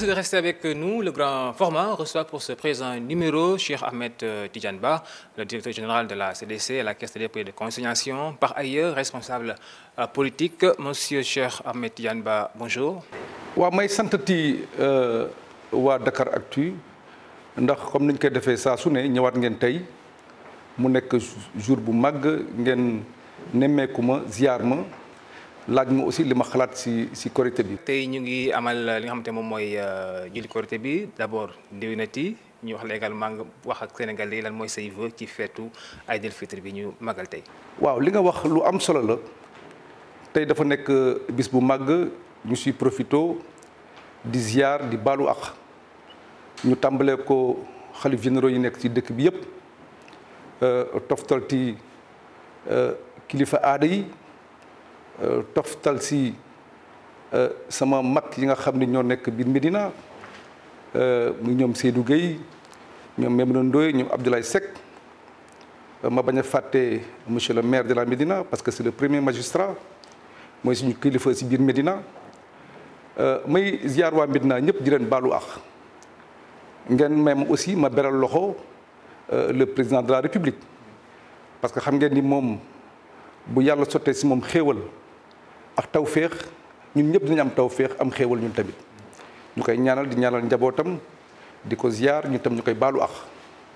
Merci de rester avec nous. Le grand format reçoit pour ce présent numéro Cheikh Ahmed euh, Tijanba, le directeur général de la CDC et la Caisse des prix de consignation, par ailleurs responsable euh, politique. Monsieur Cheikh Ahmed Tijanba. bonjour. Wa may heureux de Dakar Actu ndax comme nous l'avons koy defee saa su ne ñëwaat ngeen tey mu jour bu mag. ngeen nemmeeku ma laaj ma aussi li ma xalaat si si korité bi. tey ñu ngi amal li nga xamante moom mooy euh, julli korité bi d' abord déwénati ñu wax la également wax ak Sénégalais yi lan mooy say vœu ci feetu Aïd el bi ñu magal tey. waaw li nga wax lu am solo la tey dafa nekk euh, bis bu màgg ñu si profito di ziar di baalu ak ñu tàmbalee ko xalif généraux yi nekk ci dëkk bi yëpp euh, toftal ti kilifa aada yi. Euh, toftal si euh, sama mak yi nga xamni ñoo nek biir medina euh ñom Seydou Gueye ñom Mamadou Ndoye ñom Abdoulaye Seck euh, ma baña faté monsieur le maire de la medina parce que c'est le premier magistrat mooy suñu kilifa si biir euh may ziar waa Médina ñëpp di len balu ax ngén même aussi ma beral loxo le président de la République parce que xam ngeen ni mom bu yalla soté ci mom xéewal ak tawféex ñun ñëpp dinañ am tawféex am xéewal ñun tamit ñu koy ñaanal di ñaanal njabootam di ko ziar ñu tam ñu koy baalu ak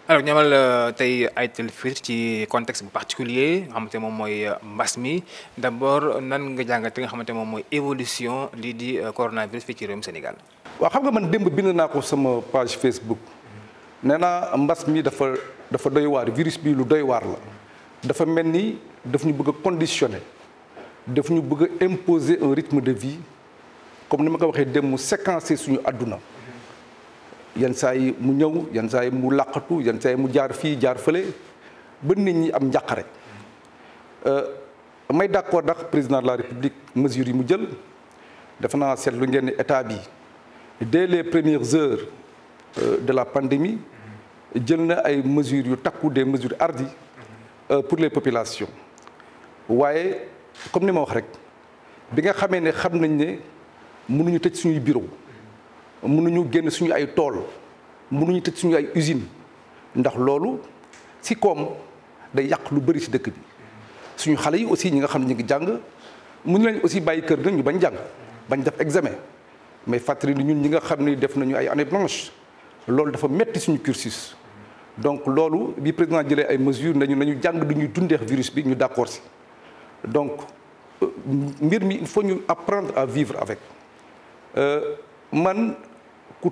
alors ñu euh, tey ay Fir ci contexte bu particulier nga xamante moom mooy euh, mbas mi d' abord nan nga jàngate nga xamante moom mooy évolution lii di euh, coronavirus fii ci réewum Sénégal. waa xam nga man démb bind naa ko sama page Facebook nee naa mbas mi dafa dafa doy waar virus bi lu doy waar la dafa mel ni daf ñu bëgg a conditionné. nous voulons imposer un rythme de vie comme ni ma ko waxee dem mu séquencer suñu àdduna yenn saa yi mu ñëw sont venus yi mu làqatu yenn saa mu jaar fii jaar fële ba nit ñi am euh, may d'accord président de la république mesure yi mu jël defe naa seetlu ngeen état bi dès les premières heures euh, de la pandémie jël a ay mesures yu takku des mesures hardies euh, pour les populations waaye comme ni ma wax rek bi nga xamee ne xam nañ ne mënuñu tëj suñuy bureau mënuñu génn suñu ay tool mënuñu tëj suñu ay usine ndax loolu si koom day yàq lu bari si dëkk bi suñu xale yi aussi ñi nga xam ne ñu ngi jàng mënu leen aussi bàyyi kër bañ jàng bañ def examen mais fàttali ni ñun ñi xam ne def nañu ay année blanche loolu dafa metti suñu cursus donc loolu bi président jëlee ay mesures nañu nañu jàng du ñuy dundeex virus bi ñu d'accord si donc euh, il faut apprendre à vivre avec euh, man ku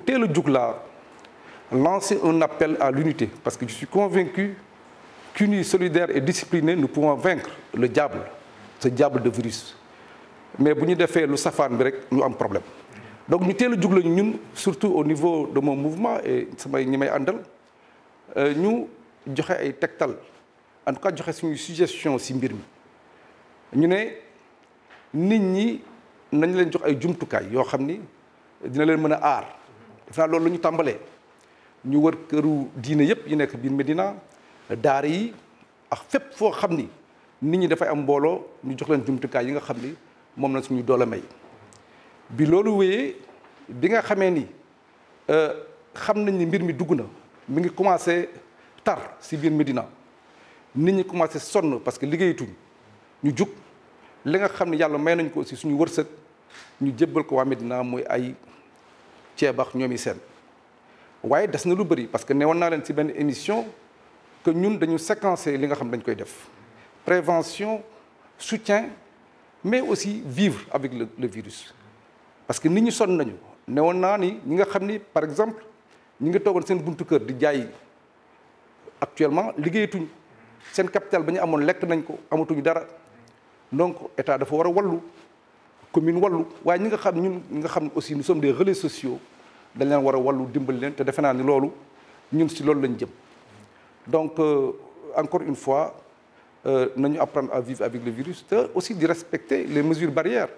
lancer un appel à l'unité parce que je suis convaincu qu'unis solidaires et disciplinée, nous pouvons vaincre le diable ce diable de virus mais si nous defee lu safaan nous avons un problème donc nous avons a nous surtout au niveau de mon mouvement et samay ñi may nous euh, ñu joxe ay en tout cas avons une suggestion ci Mirmi. ñu ne nit ñi nañ leen jox ay jumtukaay yoo xam ni dina leen mën a aar def naa loolu la ñu tàmbalee ñu wër këru diine yëpp yi nekk biir Medina daara yi ak fépp foo xam ni nit ñi dafay am mbooloo ñu jox leen jumtukaay yi nga xam ni moom na suñu doole may bi loolu wéyee bi nga xamee ni euh, xam nañ ni mbir mi dugg na mi ngi commencé tar si biir Medina nit ñi commencé sonn parce que liggéeyatuñ Nous jug li nga xamni yalla may nañ ko suñu ñu ko Medina ay parce que nous na len émission que nous dañu séquencer li prévention soutien mais aussi vivre avec le, virus parce que nous ñi par exemple ñi nga buntu kër actuellement seen capital nous nañ ko amatuñu dara donc état dafa war a wallu commune wallu waaye ñi nga xam ñun ñi xam aussi nous sommes des relais sociaux dañ leen war a wallu dimbali leen te defe naa ni loolu ñun si loolu lañ jëm donc euh, encore une fois euh, nañu apprendre à vivre avec le virus te aussi de respecter les mesures barrières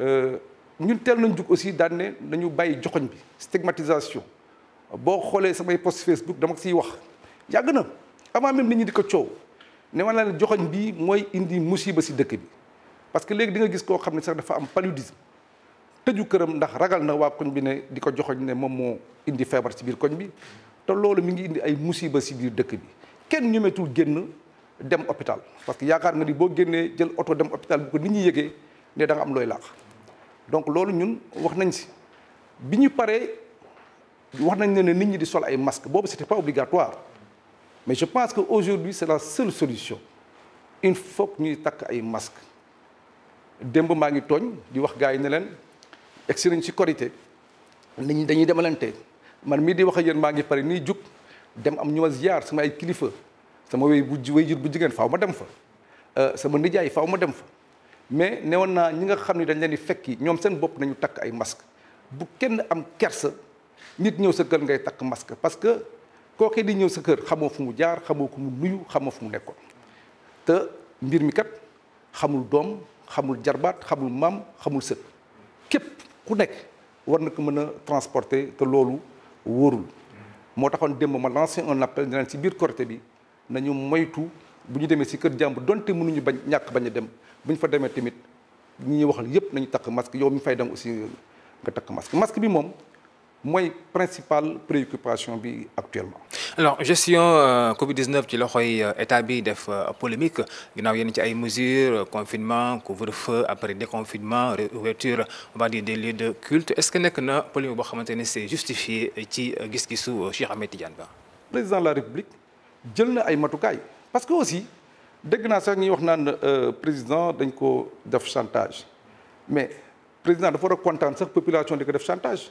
euh, ñun teel nañ jug aussi daan ne nañu bàyyi joxoñ bi stigmatisation boo xoolee samay post Facebook dama ko siy wax yàgg na avant même nit ñi di ko coow ne wala la joxoñ bi mooy indi musiba si dëkk bi parce que léegi di nga gis koo xam sax dafa am paludisme tëju këram ndax ragal na waa koñ bi ne di ko joxoñ ne moom moo indi feebar si biir koñ bi te loolu mi ngi indi ay musiba si biir dëkk bi kenn ñemetul génn dem hôpital parce que yaakaar nga ni boo génnee jël oto dem hôpital bu ko nit ñi yëgee ne da nga am looy laax donc loolu ñun wax nañ si bi ñu wax nañ ne nit ñi di sol ay masque boobu c'était pas obligatoire Mais je pense qu'aujourd'hui, c'est la seule solution. Il faut que nous ayons un masque. Dembo Mangi Togn, di wax gaay ne len ex nañ ci corité nit ñi dañuy demalante man mi di wax ak yeen ma paré ni juk dem am ñuma ziar sama ay kilifa sama way bu way jur bu jigen faaw ma dem fa euh sama nijaay faaw ma dem fa mais néwon na ñi nga xamni dañ leen di fekki ñom seen bop nañu tak ay masque bu kenn am kersa nit ñew sa kër ngay tak masque parce que kookee di ñëw sa kër xamoo fu mu jaar xamoo ko mu nuyu xamoo fu mu nekkoon te mbir mi kat xamul doom xamul jarbaat xamul maam xamul sët képp ku nekk war na ko mën a transporter te loolu wóorul moo taxoon démb ma lancé un appel ne leen ci biir Korité bi nañu moytu bu ñu demee si kër jàmbur donte munuñu bañ ñàkk bañ a dem bu ñu fa demee tamit ñi ñuy waxal yépp nañu takk masque yow mi fay dem aussi nga takk masque masque bi moom. moy principale préoccupation actuellement. alors gestion euh, Covid 19 qui loxoy euh, état bi def euh, polémique y a ci ay mesures confinement couvre-feu après déconfinement réouverture on va dire des lieux de culte est-ce que la na polémique est xamante et c'est justifié ci gis-gisu Cheikh Ahmed Tidiane Ba. président de la République jël na ay matukaay parce que aussi dégg naa sax des wax naan président dañ ko def chantage mais président dafa war a sax population di ko def chantage.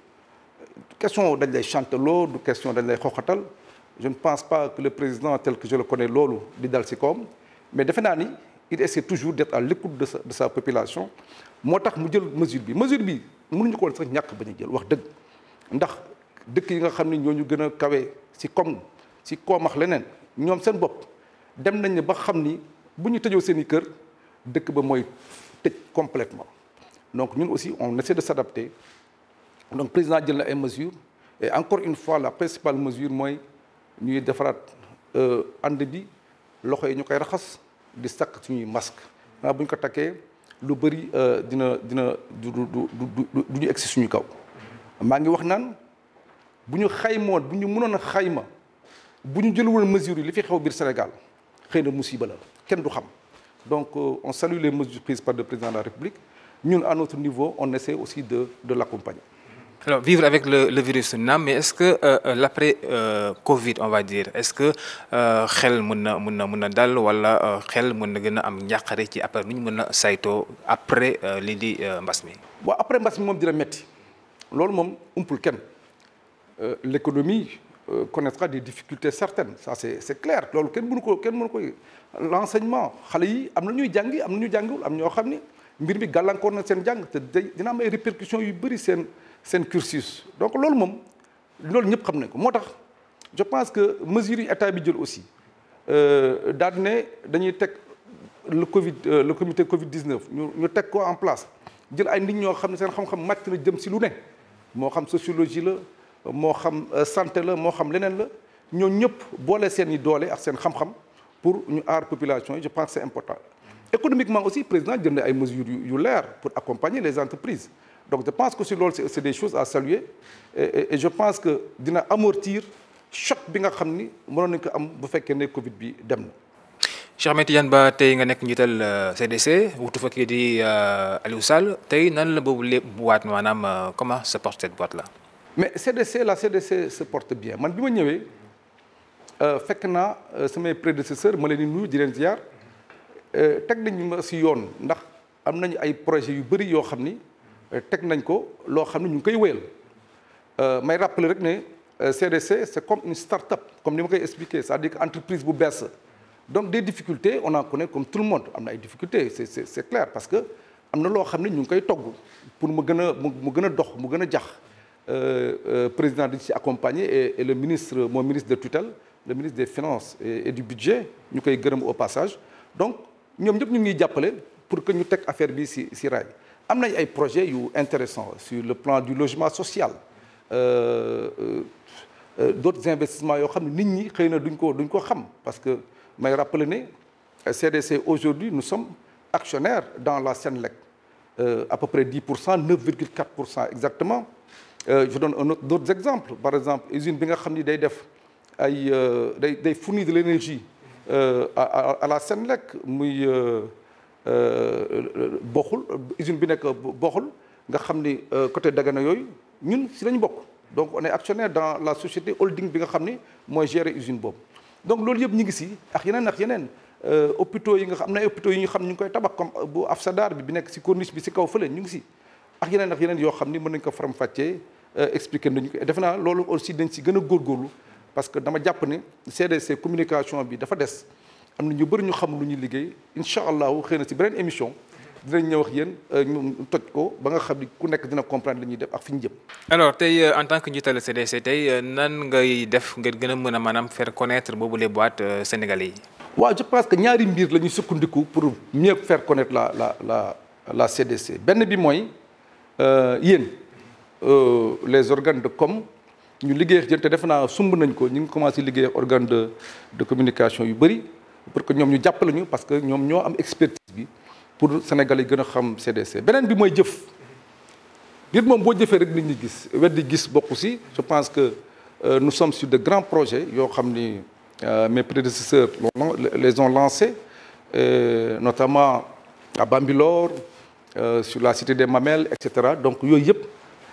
question dañ lay chanteloo du question dañ lay je ne pense pas que le président tel que je le connais loolu di dal si mais defe ni il essaie toujours d'être à l'écoute de sa de sa population moo tax mu jël mesure bi mesure bi mënuñu ko woon sax ñàkk ba ñu jël wax dëgg ndax dëkk yi nga xam ne nous gën a kawe si comme si quoi leneen nous seen bopp dem nañ ne ba xam ni bu ñu tëjoo seen i kër dëkk ba mooy tëj complètement donc ñun aussi on essaie de s'adapter donc président a na ay mesures et encore une fois la principale mesure mooy ñuy defaraat euh, ànd bi loxo yi ñu koy raxas di sakk suñuy masque naa bu ñu ko takkee lu bëri euh, dina dina du du du du ñu egsi suñu kaw maa ngi wax naan bu ñu xaymoon bu ñu mënoon a xayma bu ñu jëlwoon mesures yi li fi xew biir Sénégal xëy na la kenn du xam donc euh, on salue les mesures prises par le président de la République ñun à notre niveau on essaie aussi de de l'accompagner alors, vivre avec le, le virus, n'a mais est-ce que euh, l'après-Covid, euh, euh on va dire, est-ce que Khel euh, mën na mën dal wala Khel euh, mën na a am njàqare ci après nu ñu mën après lii di mbas mi. après mbas mi moom dina metti loolu moom umpul kenn l'économie connaîtra des difficultés certaines ça c'est c'est clair loolu kenn mënu ko kenn mënu ko l'enseignement xale yi am na ñuy jàngi am na ñuy am mbir mi gàllankoor na seen jàng te dina am ay répercussions yu bëri seen seen cursus donc loolu moom loolu ñëpp xam nañ ko moo tax je pense que mesures yi état bi jël aussi euh, daal di ne dañuy teg le Covid euh, le comité Covid 19 ñu ñu teg ko en place jël ay nit ñoo xam ne seen xam-xam màcc na jëm si lu ne moo xam sociologie la moo xam euh, santé la moo xam leneen la ñoo ñëpp boole seen i doole ak seen xam-xam pour ñu aar population yi je pense c'est important économiquement aussi le président a mis ay mesures pour accompagner les entreprises donc je pense que c'est des choses à saluer et je pense que dina amortir choc bi nga nous avons mënoon la Covid 19 Cher na. Cheikh Ahmed Tidiane Ba tey nga CDC euh, vous fa kii di euh, Aliou nan la euh, comment se porte cette boîte là. mais CDC la CDC se porte bien Je suis venu c'est fekk naa prédécesseurs euh, teg nañ ma si yoon ndax am nañu ay projets yu bëri yoo xam ni euh, teg nañ ko loo xam ne ñu ngi koy wéyal euh, may rappelé rek ne CDC c'est comme une start-up comme ni ma koy expliquer c'est-à-dire que entreprise bu bees donc des difficultés on en connaît comme tout le monde am na ay difficultés c'est c'est c'est clair parce que am na loo xam ne ñu koy togg pour mu gën a mu gën a dox mu gën a jax président di ci accompagner et, le ministre mon ministre de tutelle le ministre des finances et, du budget ñu koy gërëm au passage donc nous ñëpp ñu ngi jappalé pour que ñu tek affaire bi ci ci y a ay projets yu intéressants sur le plan du logement social euh, euh, euh d'autres investissements yo xam ne nit ñi duñ ko duñ ko xam parce que may rappeler né CDC aujourd'hui nous sommes actionnaires dans la Senlec euh, à peu près 10 9,4 exactement euh, je donne d'autres exemples par exemple usine bi nga xam day def ay euh, day day fournir de l'énergie euh, à à la Senelec muy euh, euh, boxul usine bi nekk boxul nga xam côté Dagana yooyu ñun si lañu bokk donc on est actionnaire dans la société holding bi nga xamni moy gérer usine bob donc loolu yeb ñu ngi si ak yenen ak yenen euh hôpitaux yi nga xam hôpitaux yi ñu xam ñu koy tabax comme bu Afsadar bi bi nek ci corniche bi ci kaw fële ñu ngi si ak yenen ak yenen yo xamni ni mën nañ ko faram-fàccee expliquer nañu ko defe naa loolu aussi dañ ci gëna gor gorlu parce que dama japp ne CDC communication bi dafa dess am na ñu bëri ñu xam lu ñu liggéey inshallah allahu ci na émission dinañ ñëw wax yeen euh, ñu toj ko ba nga xam ni ku nekk dina comprendre li ñuy def ak fiñu jëm. alors tay euh, en tant que njiitalu CDC tay euh, nan ngay def ngeen gëna mëna manam faire connaître bobu les boîtes sénégalais yi. waaw je pense que ñaari mbir la ñuy sukkandiku pour mieux faire connaître la la la la CDC benn bi moy euh yeen euh les organes de com ñu liggéey ak jën te defe naa sumb nañ ko ñu commencé liggéey organe de de communication yu bëri pour que ñoom ñu jàppale ñu parce que ñoom ñoo am expertise bi pour Sénégal yi gën a xam CDC beneen bi mooy jëf nit moom boo jëfee rek nit ñi gis weddi gis bokku si je pense que euh, nous sommes sur de grands projets yoo xam euh, mes prédécesseurs les ont lancés euh, notamment à Bambilor sur la cité des Mamelles etc. cetera donc yooyu yëpp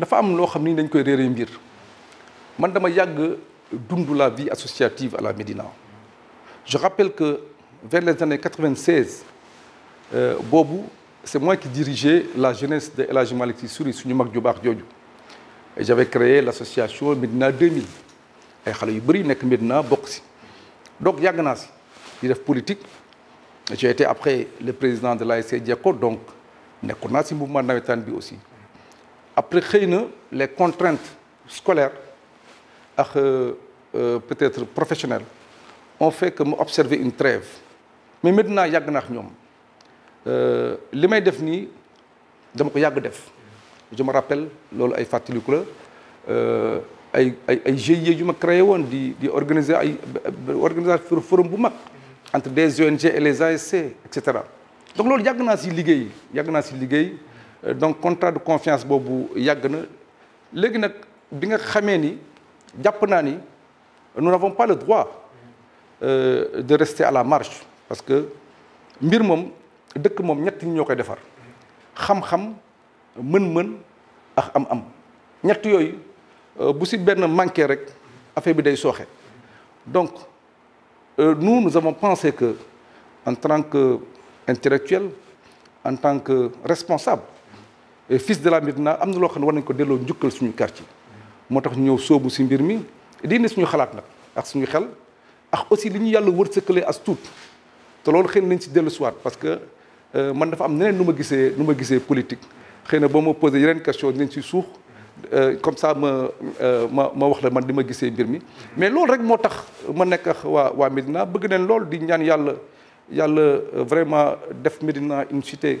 dafa am lo xamni dañ koy réeree mbir man dama yàgg dundou la vie associative à la Médina je rappelle que vers les années 96 euh, Bobu, c'est moi qui dirigeais la jeunesse de El Hadji Malick Sy suñu mag ju baax et j'avais créé l'association Médina 2000 ay xale yu bëri nek Médina bokk donc Yag na ci di def politique j'ai été après le président de l'ASC Diako donc nekkoon naa si mouvement nawetaan bi aussi après les contraintes scolaires et euh, euh, peut-être professionnelles ont fait que j'ai observé une trêve mais maintenant il y a ñoom euh, li may def nii dama ko yàgg def je me rappelle c'est ce que je ay ay ay GIE yu créé un di forum bu entre des ONG et les ASC etc. donc loolu yàgg naa si liggéey yàgg euh, donc contrat de confiance Bobu yàgg légui nak bi nga xamé ni japp na ni nous n'avons pas le droit euh, de rester à la marche. parce que mbir mom dëkk mom ñett ñi ñoo koy xam-xam mën-mën ak am-am ñett a euh, bu Il ben manquer rek affaire bi day soxé donc euh, nous nous avons pensé que en tant que intellectuel en tant que responsable fils de la Médina am na loo xam ne war nañ ko delloo njukkal suñu quartier moo tax ñëw soobu si mbir mi di ne suñu xalaat nag ak suñu xel ak aussi li ñu yàlla wërsëkale as tuut te loolu xëy na nañ si dellu siwaat parce que euh, man dafa am neneen nu ma gisee nu ma gisee politique xëy na boo ma posé yeneen question dinañ si suux euh, comme ça ma euh, ma ma wax la man di ma gisee mbir mi mais loolu rek moo tax ma nekk ak waa waa Médina bëgg nañ lool di ñaan yàlla yàlla vraiment def Médina une cité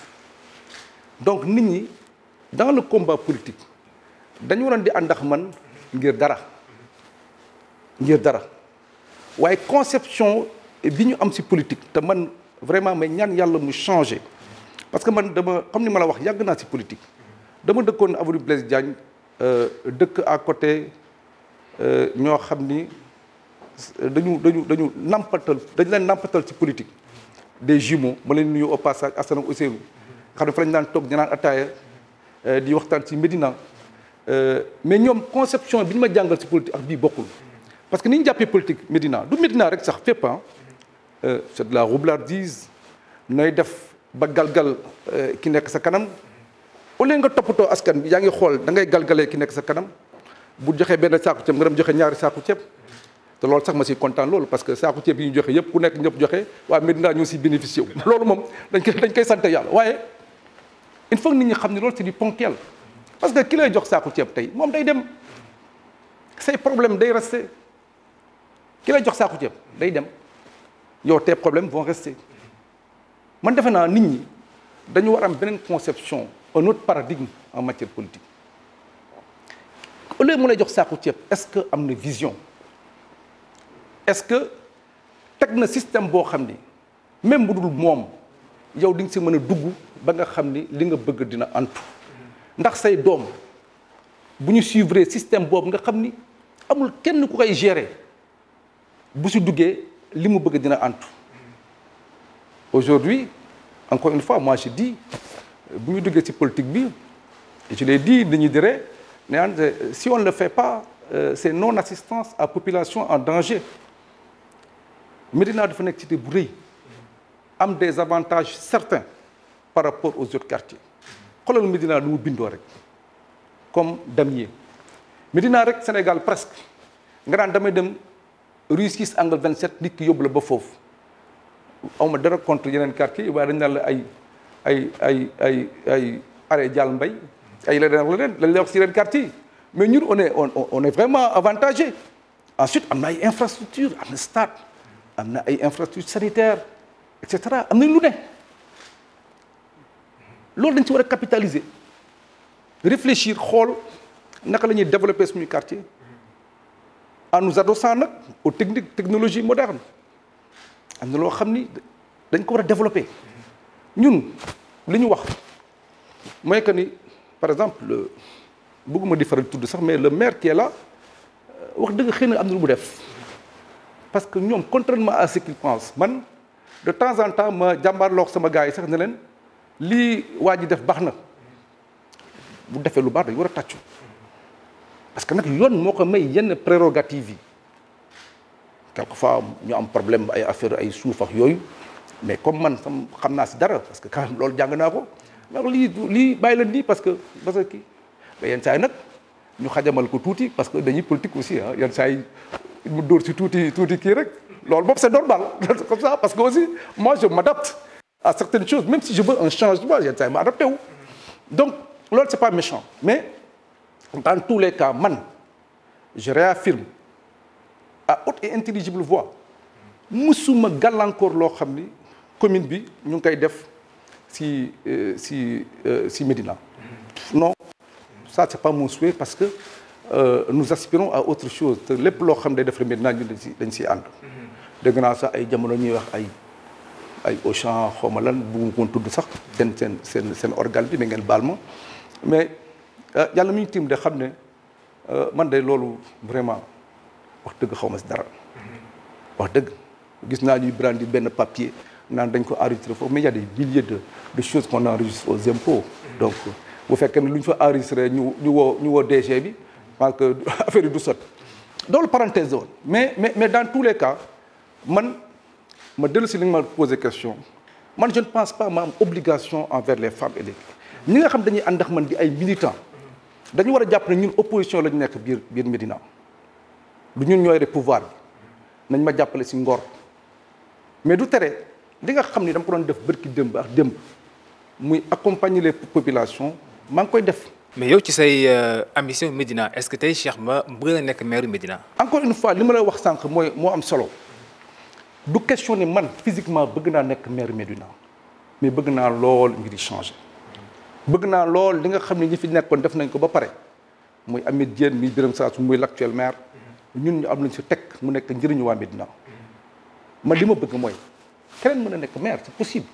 donc nit ñi dans le combat politique dañu waroon di ànd ak man ngir dara ngir dara waaye conception bi ñu am si politique te man vraiment may ñaan yàlla mu changé parce que man dama comme ni ma la wax yàgg naa si politique dama dëkkoon avenue Blaise Diagne euh, dëkk à côté euh, ñoo xam ni dañu dañu dañu nampatal dañ leen nampatal ci politique des jumeaux ma leen nuyu au passage Assane Ousseynou xam ne fa lañu toog ñu naan ataaya euh, di waxtaan ci Médina euh, mais ñoom conception bi ñu ma jàngal ci politique ak bii bokkul parce que ni jàppee politique Médina du Médina rek sax fépp ah c'est de la roublardise nooy def ba galgal ki nekk sa kanam au nga toppatoo askan bi yaa ngi xool da ngay galgalee ki nekk sa kanam bu joxee benn saaku ceeb nga dem joxe ñaari saaku ceeb te loolu sax ma si kontaan loolu parce que saaku ceeb yi ñu joxe yëpp ku nekk ñëpp joxe waa Médina ñu si bénéficié wu loolu moom dañ koy dañ koy sant yàlla waaye il faut que nous xam que c'est du ponctuel parce que ki lay jox saaku ceeb tey moom day dem Ses problèmes day rester ki lay jox saaku ceeb day dem que tes problèmes vont rester Je pense que nit ñi dañu war am conception un autre paradigme en matière politique au lieu mu lay jox sa ceeb est-ce que a une vision est-ce que le système boo xam même bu dul yow di nga si mën dugg ba nga xamni li nga bëgg dina antu ndax say dom buñu suivre système boobu nga xamni amul kenn ku koy gérer bu si duggé li mu bëgg dina antu aujourd'hui encore une fois moi je dis buñu duggé ci politique bi je l'ai dit dañu dire néan euh, si on ne le fait pas euh, c'est non assistance à population en danger Médina dafa ci cité bu reuy am des avantages certains par rapport aux autres quartiers comme damier Medina rek Sénégal presque nga naan dem angle 27 nit qui yóbbu la On foofu contre quartier mais nous, on est vraiment avantagé ensuite on a infrastructure am stade on a infrastructure sanitaire et cetera am nañ lu ne loolu dañ ci war a capitaliser réfléchir xool naka la ñuy développer suñu quartier en nous adossant nag aux techniques technologie moderne am na loo xam ni dañ ko war a développer ñun li ñu wax mooy que ni par exemple bëgguma di faral tudd sax mais le maire qui est là euh, wax dëgg xëy na am na lu mu def parce que ñoom contrairement à ce qu'ils pensent man de temps en temps ma jàmbaarloog sama gars yi sax ne leen lii waa ji def baax na bu defee lu baax dañu war a tàccu parce que nag yoon moo ko may yenn prérogative yi quelquefois ñu am problème ay affaire ay suuf ak yooyu mais comme man sam xam naa si dara parce que quand même loolu jàng naa ko ndax lii lii bàyyi parce que parce que kii mais yenn saa ñu xajamal ko tuuti parce que dañuy politique aussi ah yenn saa mu dóor si tuuti tuuti kii rek L'homme c'est normal comme ça parce que aussi moi je m'adapte à certaines choses même si je veux un changement je saa yi ma adapté donc ce c'est pas méchant mais dans tous les cas man je réaffirme à haute et intelligible voix musuma gàllankoor loo encore encore commune bi ñu koy def si euh, si euh, si Médina non ça c'est pas mon souhait parce que euh, nous aspirons à autre chose les plus loo la Médina ñu de naa sax ay jamono ñuy wax ay ay Auchan xaw ma lan bëgguma koon tudd sax c'est seen seen seen organe bi na balmo, baal ma mais euh, yàlla mi ñu tiim de xam ne euh, man de loolu vraiment wax dëgg xaw ma si dara wax dëgg gis naa ñuy brandi benn papier naan dañ ko enregistré foofu mais y a des milliers de de choses qu'on enregistre aux impôts donc vous fekkee comme lu fois fa enregistré ñu ñu woo ñu bi parce que affaire yi du dans le parenthèse mais mais mais dans tous les cas man ma dellu si li nga ma posé question man je ne pense pas ma obligation envers les femmes et les ñi nga xam dañuy ànd man di ay militant, dañu war a jàpp une ñun opposition la ñu nekk biir biir Medina. du ñun ñooy rek pouvoir bi nañ ma jàppale si ngor mais du tere li nga xam ni dama ko doon def bërki démb ak démb muy accompagner les populations maa ngi koy def. mais yow ci say euh, ambition Medina, est-ce que tu Cheikh ma bëgg na nekk maire Medina encore une fois li ma la wax sànq mooy moo am solo. du question ne man physiquement bëgg naa nekk maire Médina mais bëgg naa lool mbir yi bëgg naa lool li nga xam ne ñi fi nekkoon def nañ ko ba pare muy Ameth Diène muy Birame Sassou muy l'actuel maire ñun ñu am lañ si teg mu nekk njëriñu waa Médina man li ma bëgg mooy keneen mën a nekk mair c'est possible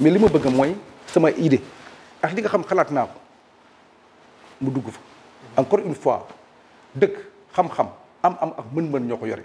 mais li ma bëgg mooy sama idée ak li nga xam xalaat naa ko mu dugg fa encore une fois dëkk xam-xam am am ak mën-mën ñoo ko yore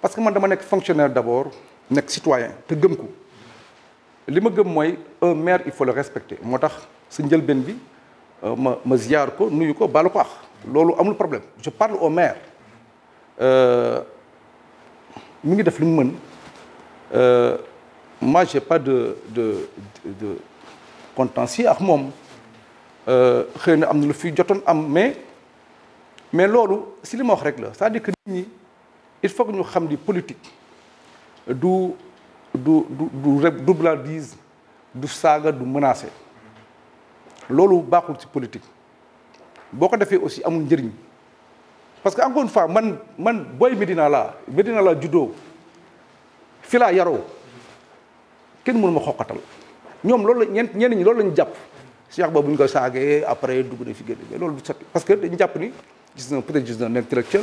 parce que man dama nekk fonctionnaire d'abord nekk citoyen te gëm ko li ma gëm mooy un maire il faut le respecter moo tax sa njëlbeen bi euh, ma ma ziyaar ko nuyu ko baalu ko ax loolu amul problème je parle au maire euh, mi ngi def li mu mën euh, moi j'ai pas de de de contentieux ak moom xëy na am na lu fi jotoon am mais mais loolu si li ma wax rek la c'est-à-dire que ni. il faut que ñu xam ni politique du du du du du blandise du saaga du menacer loolu baaxul ci politique boo ko defee aussi amul njëriñ parce que encore une fois man man booy Medina laa Medina laa juddoo fi laa yaroo kenn mënu ma xoqatal ñoom loolu la ñen ñenn ñi loolu lañu jàpp cheikh boobu ñu ko saagee après dugg na fi génn loolu du sotti parce que dañu jàpp ni gis na peut être gis na intellectuel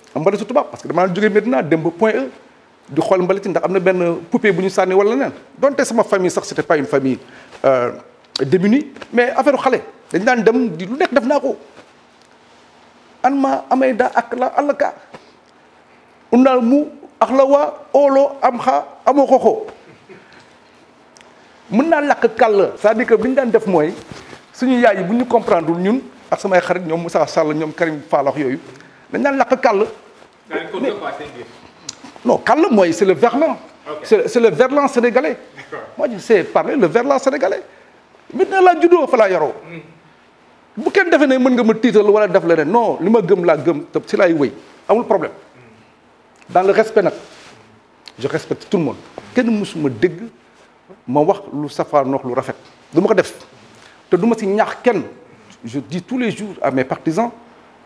mbalitu tubaab parce que damaa jóge Medina dem ba point e di xool mbalit yi ndax am na benn poupée bu ñu sànni wala neen donte sama famille sax c'était pas une famille euh, démunie mais affaire xale dañ daan dem di lu nekk def naa ko an ma amay daa ak la allka unnaal mu ak la am xa amoo mën naa lakk kàll c'est-à-dire bi ñu daan def mooy suñu yaay yi bu ñu comprendre ñun ak samay xarit ñoom Moussa Sall ñoom Karim Fallax yooyu Maintenant, la lakk kàll. non kàll moi, c'est le verlan. c'est le verlan sénégalais. moi je sais parler le verlan sénégalais. maintenant la judo, fa laa yaroo. Hmm. bu kenn defee ne mën nga ma tiital wala def leneen non li ma gëm laa gëm te si laay wéy amul problème. Hmm. dans le respect je respecte tout le monde kenn mësuma dégg ma wax lu safaan wax lu rafet du ma ko def te du ma si ñaax kenn je dis tous les jours à mes partisans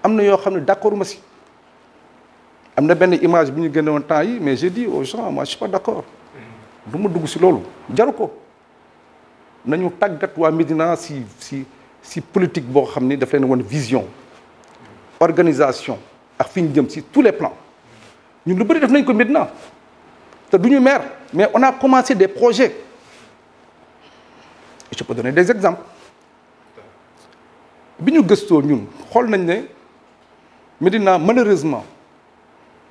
amna yo yoo d'accord ma si am benn image bi ñu génne woon temps yi mais j'ai dit aux gens moi je suis pas d'accord du ma dugg ci lolu jaruko nañu tagat wa medina si si si politique bo xam ni daf leen won vision organisation ak fi jëm si tous les plans ñun lu bari def nañ ko medina te duñu mer, maire mais on a commencé des projets je peux donner des exemples biñu ñu gëstoo ñun xol nañ ne Medina, malheureusement,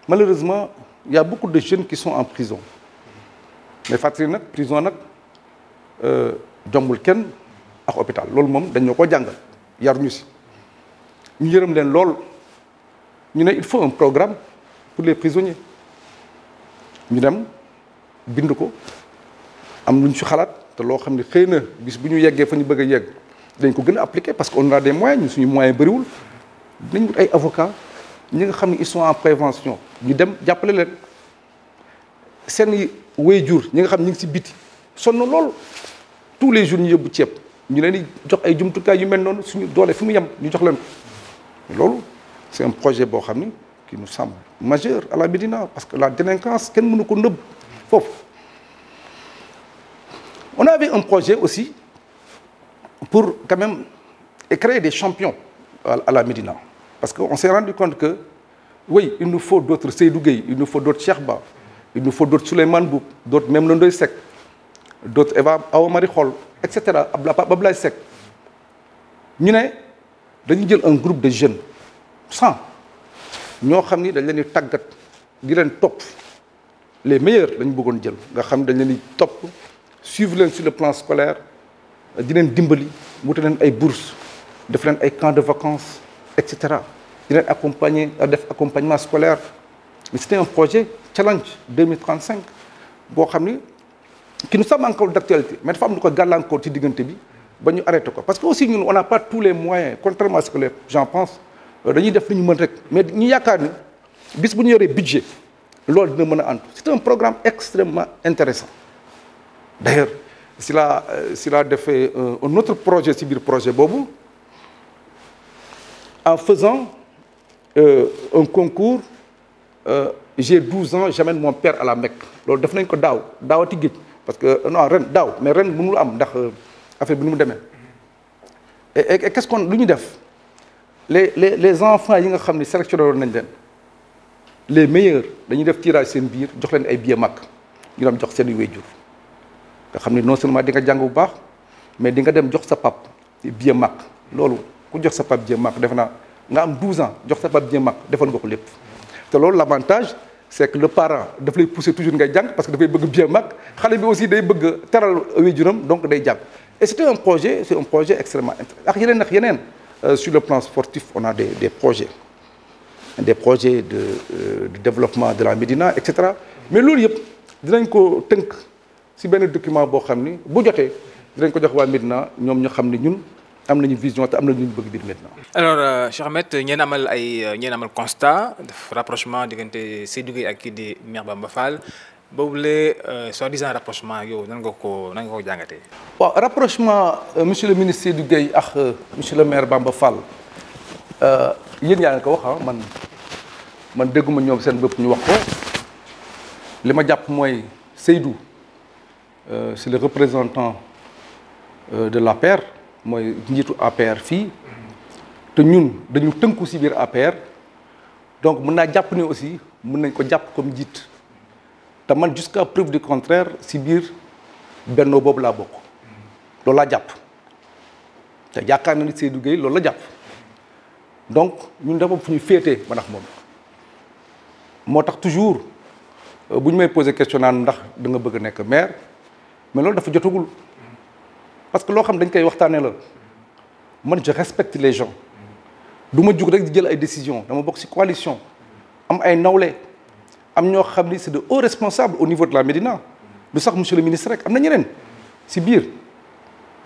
malheureusement, il y a beaucoup de jeunes qui sont en prison. Mais Fatri, la prison, euh, jombul kenn ak hôpital Lol, mom, dañ ñoo ko jàngal yar ñu si ñu yërëm leen lool ñu il faut un programme pour les prisonniers ñu dem bind ko am lu ñu si xalaat te loo xam ne bis bu ñu bëgg yegg dañ ko appliquer parce que on a des moyens ñu suñu moyens bëriwul nañ wut ay avocat nous nga xam ils sont en prévention ñu dem jàppale leen nous waajur ñi nga xam ñi ngi si biti sonn lool tous les jours ñu yóbbu ceeb ñu leen di jox ay jumtukaay yu mel noonu suñu doole fi mu yem ñu jox leen ko c'est un projet boo xam qui nous semble majeur à la Médina parce que la délinquance kenn mënu ko on avait un projet aussi pour quand même créer des champions à la Médina parce qu'on s'est rendu compte que, oui, il nous faut d'autres Seydou Gueye, il nous faut d'autres Cheikh il nous faut d'autres Souleymane Boub, d'autres même Ndoye Seck, d'autres Eva Aoumari Khol, etc. Bablaye Seck. Nous avons un groupe de jeunes, Sans. Nous avons ni dañ leen di des di top, les meilleurs Les bëggoon jël nga xam ni dañ suivre sur le plan scolaire di leen dimbali wuute leen ay bourses def leen ay camps de vacances etc. Il di accompagné, un accompagnement scolaire c'était un projet challenge 2035 nous sommes encore d'actualité mais dafa am lu ko gàllankoor ci diggante bi parce que aussi nous, on n'a pas tous les moyens contrairement à ce que les gens pensent euh, dañuy def lu ñu rek mais ñu yaakaar ni bis bu ñu budget c'est un programme extrêmement intéressant d'ailleurs si la si la un autre projet si le projet Bobo en faisant euh, un concours euh, j'ai 12 ans j'amène mon père à la Mecque loolu def nañ ko daaw daawati géej parce que euh, non ren daaw mais ren mënul am ndax euh, affaire bi ni mu et qu'est-ce qu'on lu ñu def les les les enfants yi nga xam ne sélectionné woon nañ leen les meilleurs dañuy def tirage seen biir jox leen ay billets mag ñu doon jox seen i waajur nga xam ne non seulement di nga jàng bu baax mais di nga dem jox sa pap billet mag loolu ku jox sa Pape Dieng Mack def naa nga am 12 ans jox sa Pape Dieng Mack defoon nga ko lépp te loolu l'avantage c'est que le parent daf lay pousser toujours ngay jang parce que dafay bëgg bien mag xalé bi aussi day bëgg teral waajuram donc day jang et c'était un projet c'est un projet extrêmement intéressant ak yeneen ak yeneen euh, sur le plan sportif on a des des projets des projets de euh, de développement de la Médina et cetera mais loolu yëpp dinañ ko teunk ci ben document bo xamni bu joté dinañ ko jox wa Médina ñom ñu xamni ñun maintenant. alors euh, cher Ahmed il y ay un euh, constat de rapprochement de Seydou et et Mère Bambafal. Si Bamba Fall euh, soi-disant rapprochement yow rapprochement monsieur le ministre Seydou Gueye ak monsieur le maire Bambafal, Fall y a un ko wax ah, man man c'est le représentant de la paire. mooy njiitu APR fii te ñun dañu tënku si biir APR donc mën naa jàpp ne aussi mën nañ ko jàpp comme njiit te man jusqu'à preuve du contraire si biir bennoo boobu laa bokk loolu laa jàpp te yaakaar na ni Seydou Gueye loolu la jàpp donc ñun dafa fu ñu man ak moom moo toujours euh, bu may poser question naan ndax da nga bëgg nekk maire mais loolu dafa jotagul parce que lo xam dañ koy waxtaanee la man je respecte les gens du ma jug rek di jël ay décision dama bok ci coalition am ay nawlé am ño xam c'est de haut responsable au niveau de la Médina du sax monsieur le ministre rek am na ñeneen ci biir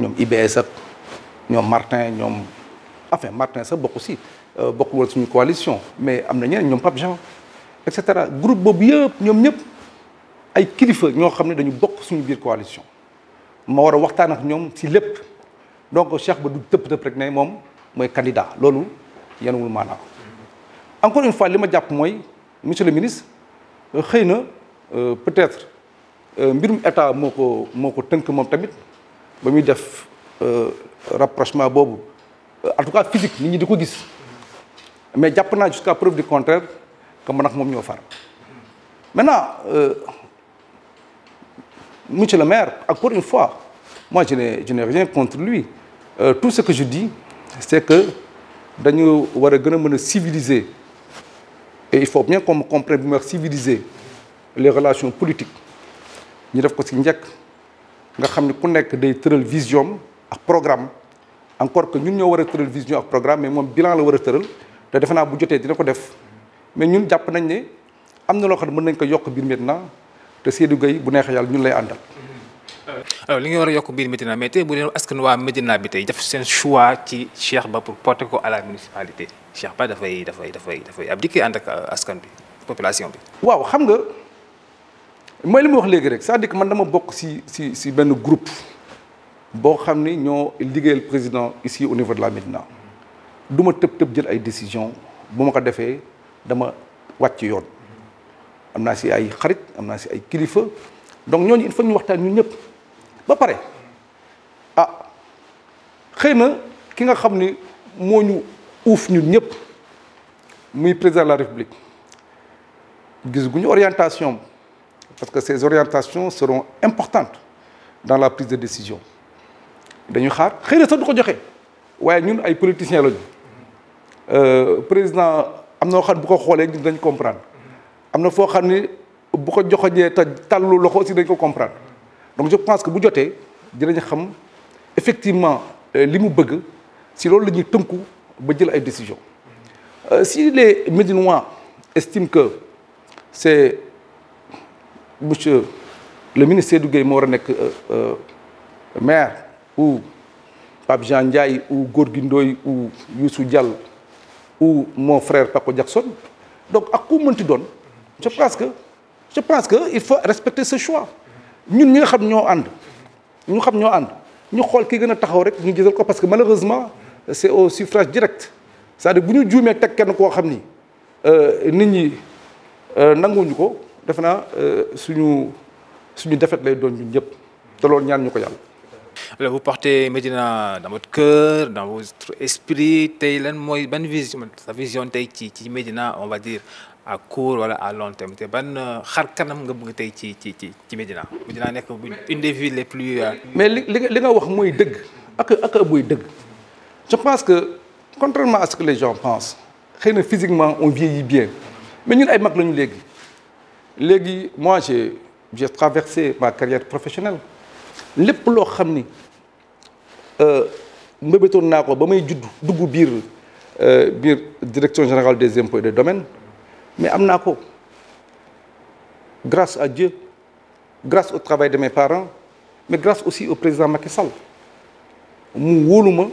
ñom IBS ak Martin ñom enfin Martin sax bokk ci euh, bokk wala suñu coalition mais am na ñeneen ñom Pape Jean et cetera groupe boobu yëpp ñom ñëpp ay kilifa ño xamni dañu bok suñu biir coalition ma war a waxtaan ak ñoom si lépp donc Cheikh ba du tëpp tëpp rek ne moom mooy candidat loolu yenuwul maanaa ko encore une fois li ma jàpp mooy monsieur le ministre euh, xëy na euh, peut-être euh, mbirum état moo ko moo ko tënk moom tamit ba muy def rapprochement boobu en tout cas physique nit ñi di ko gis mais jàpp naa jusqu'à preuve du contraire que man ak moom ñoo far maintenant Monsieur le maire, encore une fois, moi je n'ai rien contre lui. Euh, tout ce que je dis, c'est que nous devons civiliser. Et il faut bien qu'on comprenne civiliser les relations politiques. Nous devons faire des vision et programme. Encore que nous devons faire une vision et programme, mais mon bilan le faire. Nous devons faire un budget. Mais nous devons faire un bilan. Nous devons faire un te Seydou Gueye bu neex yalla ñun lay andal alors euh, li nga wara a biir medina mais tay bu dee askan wa medina bi tay def sen choix ci Cheikh Ba pour porter ko à la municipalité Cheikh Ba da fay da fay abdiquer and ak euh, askan bi population bi. waaw xam nga moy li ma wax léegi rek c'est-à-dire que man dama bok si si si ben groupe bo xamni ni ñoo liggéeyal président ici au niveau de la medina duma ma tëb jël ay décision bu ma ko defee dama wacc yoon amna ci ay xarit amna ci ay kilifa donc ñooñu il fa ñu waxtaan ñun ñëpp ba paré ah xeyna ki nga xamni moñu ouf ñun ñëpp muy président de la république gis guñu orientation parce que ces orientations seront importantes dans la prise de décision dañu xaar xëy sa du ko joxé waye ñun ay politiciens lañu euh, président amna na bu ko xolé ñu dañ comprendre amna fo xamni bu ko joxoñee ta talu loxo aussi dañ ko comprendre donc je pense que bu joté dinañ xam effectivement euh, limu bëgg si loolu la ñuy on ba jël ay décisions euh, si les Médinois estiment que c'est monsieur le ministre du Gueye moo war euh, maire ou Pape Jean Ndiaye ou Gorgui ou Youssou Diallo ou mon frère Paco Jackson donc ak ku mënti doon je pense que je pense que il faut respecter ce choix ñun ñi nga xam ñoo ànd ñu xam ñoo ànd ñu xool ki gën a taxaw rek ñu jësal ko parce que malheureusement c'est au suffrage direct c'est-à-dire bu ñu juumee teg kenn koo xam ni euh, nit ñi euh, nanguwuñu ko si nous, euh, suñu suñu défaite lay doon ñun ñëpp te loolu ñaan ñu alors vous portez Medina dans votre cœur dans votre esprit tey lan mooy ban vision sa vision tey ci ci Medina, on va dire à court ou à long terme te ban euh, xar kanam nga bëgg tay ci ci ci Médina Médina une des villes les plus. Euh, mais li nga wax moy deug ak ak boy deug. je pense que contrairement à ce que les gens pensent physiquement on vieillit bien mais ñun ay mag lañu légui. Légui moi j'ai traversé ma carrière professionnelle Lepp lo xamni euh mbébétoon naa ko ba may judd de biir euh, biir direction générale des impôts et des domaines mais je ko grâce à Dieu grâce au travail de mes parents mais grâce aussi au président Macky Sall mu wóolu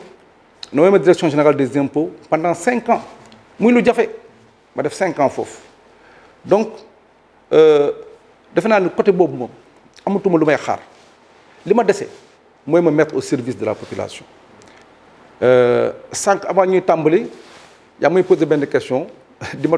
ma ma direction générale des impôts pendant 5 ans muy lu je ma def 5 ans fof. donc euh, defe na le côté bobu mom amatuma lumay xaar Lima ma moy ma mettre au service de la population euh, sànq avant ñuy tàmbali yaa may posé une question di ma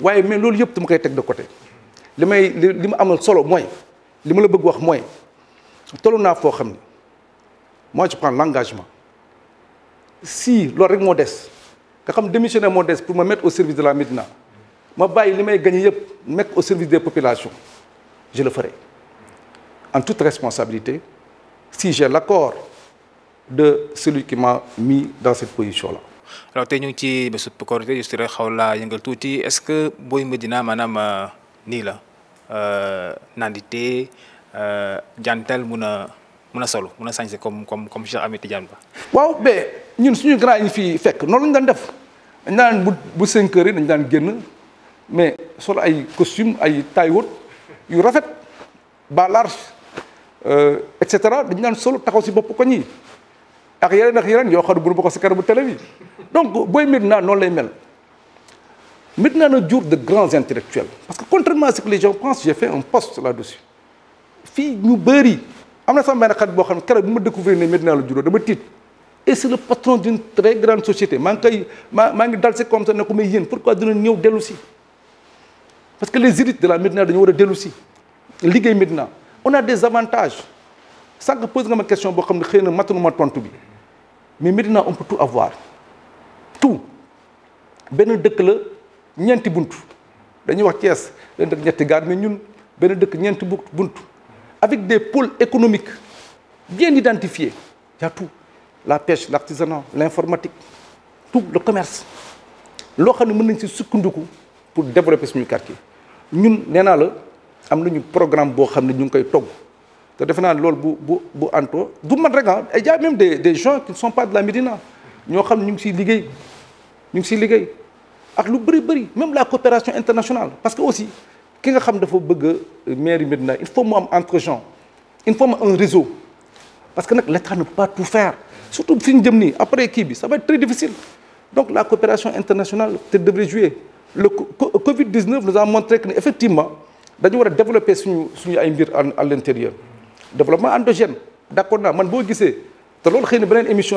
Oui, mais ce yëpp pas koy de côté ce que amal solo c'est je la bëgg que je moi je prends l'engagement si je rek modeste, comme démissionnaire pour me mettre au service de la Médina mettre au service des populations je le ferai en toute responsabilité si j'ai l'accord de celui qui m'a mis dans cette position-là. alors tey ñu ngi ci bésu korité juste rek xaw laa yëngal tuuti est ce que booy medina la eh, nandité eh, jantal mun muna solo muna a sañse comme comme comme cheikh ami tidiane ba waaw mais ñun suñu grand yi fii fekk noonu lañ daan def dañ bu bu cinq heures yi dañ daan génn mais solo ay costume ay taille yu rafet ba large euh, et cetera dañ solo taxaw si bopp koñ yi ak yeneen ak yeneen yoo xam bu ko télé bi donc booy Médina noonu lay mel Médina na jur de grands intellectuels parce que contrairement à ce que les gens pensent j'ai fait un poste là-dessus fii ñu bëri am na sama benn xarit boo xam ne keroog bi ma découvrir ne Médina la juróo dama et c'est le patron d'une très grande société maa ngi koy maa maa dal si comme ça ne ko may pourquoi dina ñëw dellu si parce que les élites de la Médina dañoo war a dellu si Médina on a des avantages sànq pose nga ma question boo xam ne xëy na matuma tontu bi mais Médina on peut tout avoir tout Ben dëkk la ñeenti buntu dañuy wax ties dañ dëkk ñetti gaar mais ñun ben dëkk ñeenti buntu avec des pôles économiques bien identifiés il y a tout la pêche l'artisanat l'informatique tout le commerce lo qui est mën nañ ci pour développer suñu quartier ñun avons la am nañu programme bo xam ñu koy togg te bu bu bu du man il ah, y a même des des gens qui ne sont pas de la Médina nous xam ne ngi ngi même la coopération internationale parce que aussi ki nga xam euh, il faut mu entre gens il faut un réseau parce que l'État ne peut pas tout faire surtout fin après ça va être très difficile donc la coopération internationale devrait jouer le Covid 19 nous a montré qu'effectivement, nous devons développer suñu suñu à l'intérieur développement endogène d'accord Je man sais pas te émission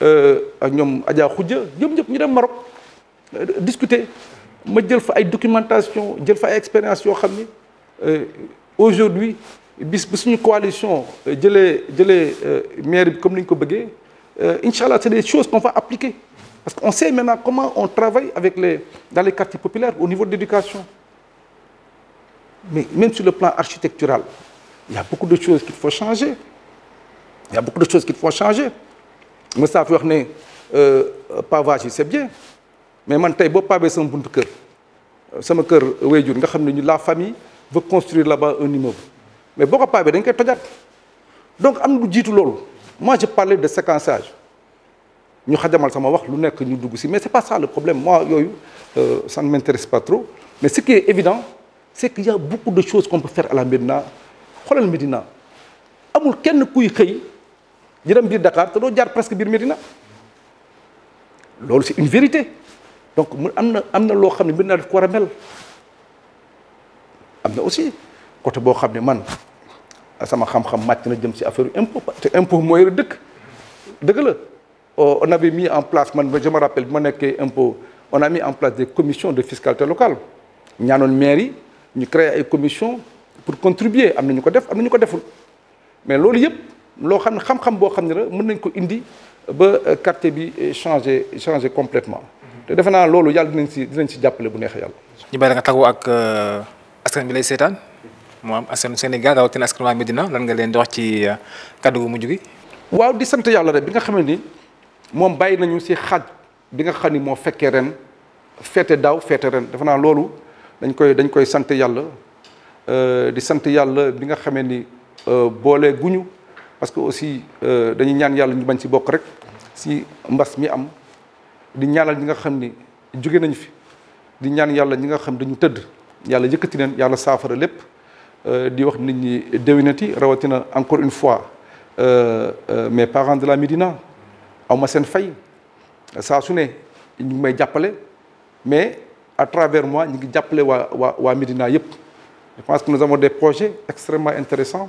Euh, ak ñu Maroc euh, discuter ma jël documentation euh, aujourd'hui bis une coalition de maire comme ni Inch'Allah, ko c'est des choses qu'on va appliquer parce qu'on sait maintenant comment on travaille avec les dans les quartiers populaires au niveau de l'éducation mais même sur le plan architectural il y a beaucoup de choses qu'il faut changer il y a beaucoup de choses qu'il faut changer Moustapha wax ne euh, pavage c'est bien mais man tey boo pas si buntu kër sama cœur wéyjur nga xam ñu la famille veut construire là-bas un immeuble mais boo pas, pavee dañ koy donc am na lu tout moi je parlais de séquençage ñu xajamal sama wax lu nekk ñu dugg Mais mais c'est pas ça le problème moi euh, ça ne m'intéresse pas trop mais ce qui est évident c'est qu'il y a beaucoup de choses qu'on peut faire à la Médina la Médina amul kenn kuy xëy ñu dem biir Dakar te doo jaar presque biir Médina loolu c'est une vérité donc mu am na am na loo xam ne mbir naa def ko war a mel am na aussi côté boo xam ne man sama xam-xam màcc na jëm ci affaire impôt te impôt mooy dëkk dëgg la oh, on avait mis en place man je me rappelle bi ma nekkee impôt on a mis en place des commissions de fiscalité locale ñaanoon maire yi ñu créer ay commission pour contribuer am na ñu ko def am na ñu ko deful mais loolu yëpp loo xam ne xam-xam boo xam ne rek mën nañ ko indi ba euh, quartier bi changé euh, changé completement te defe naa loolu yàlla dinañ si dinañ si jàppale bu neexee yàlla. ñu bari nga taxawu ak euh, askan bi lay seetaan moo am askan Sénégal rawatina askan waa Médina lan nga leen di ci kàddu gu mujj gi. waaw di sant yàlla rek bi nga xam ni moom bàyyi nañu si xaaj bi nga xam ni moo fekkee ren feete daaw feete ren defe naa loolu dañ koy dañ koy sant yàlla di sant yàlla bi nga xamee ni boole guñu. parce que aussi euh, dañuy ñaan yalla ñu bañ ci bokk rek si mbass mi am di ñaanal ñi nga xamni ni nañ fi di ñaan yalla ñi nga xam dañu teud yalla yëkëti leen yalla saafara lépp euh, di wax nit ñi déwénati rawatina encore une fois euh, mes parents de la medina aw ma seen fay sa su ne ñu may jappalé mais à travers moi ñi ngi jappalé wa wa waa Médina yëpp je pense que nous avons des projets extrêmement intéressants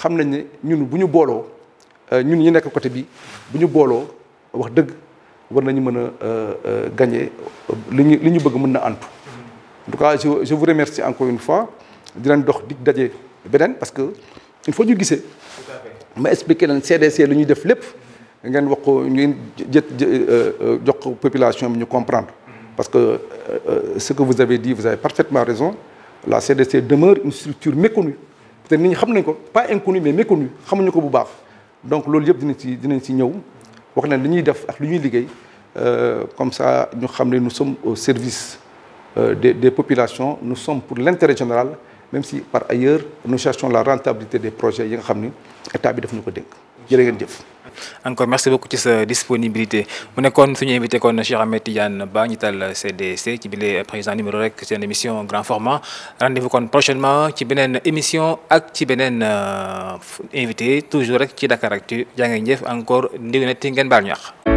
xam nañ ne ñun bu ñu booloo euh, ñun ñi nekk côté bi bu ñu booloo wax dëgg war nañu mën a euh, euh, gagner li ñu li ñu bëgg mën na antu en tout cas je je vous remercie encore une fois leen dox dig daje beneen parce que il faut ñu gisee ma expliquer leen CDC li ñuy def lépp ngeen wax ko ngeen jë jox population bi ñu comprendre parce que ce que vous avez dit vous avez parfaitement raison la CDC demeure une structure méconnue te nit ñi ko pas inconnu mais méconnu xamuñu ko bu baax donc loolu yëpp dinañ ci dinañ ci ñëw wax leen li ñuy def ak li ñuy euh, comme ça ñu xam ne nous sommes au service euh, des des populations nous sommes pour l'intérêt général même si par ailleurs nous cherchons la rentabilité des projets yi nga xam ni état bi daf ñu ko dénk jëf encore merci beaucoup ci cette disponibilité mu nekkoon suñu invité kon Cheikh Ahmed Tidiane Ba njiital CDC ci le président numéro rek une émission grand format rendez-vous kon prochainement ci une émission ak ci une euh, invité toujours rek ci Dakaractu jaa encore ndiw ne ti ngeen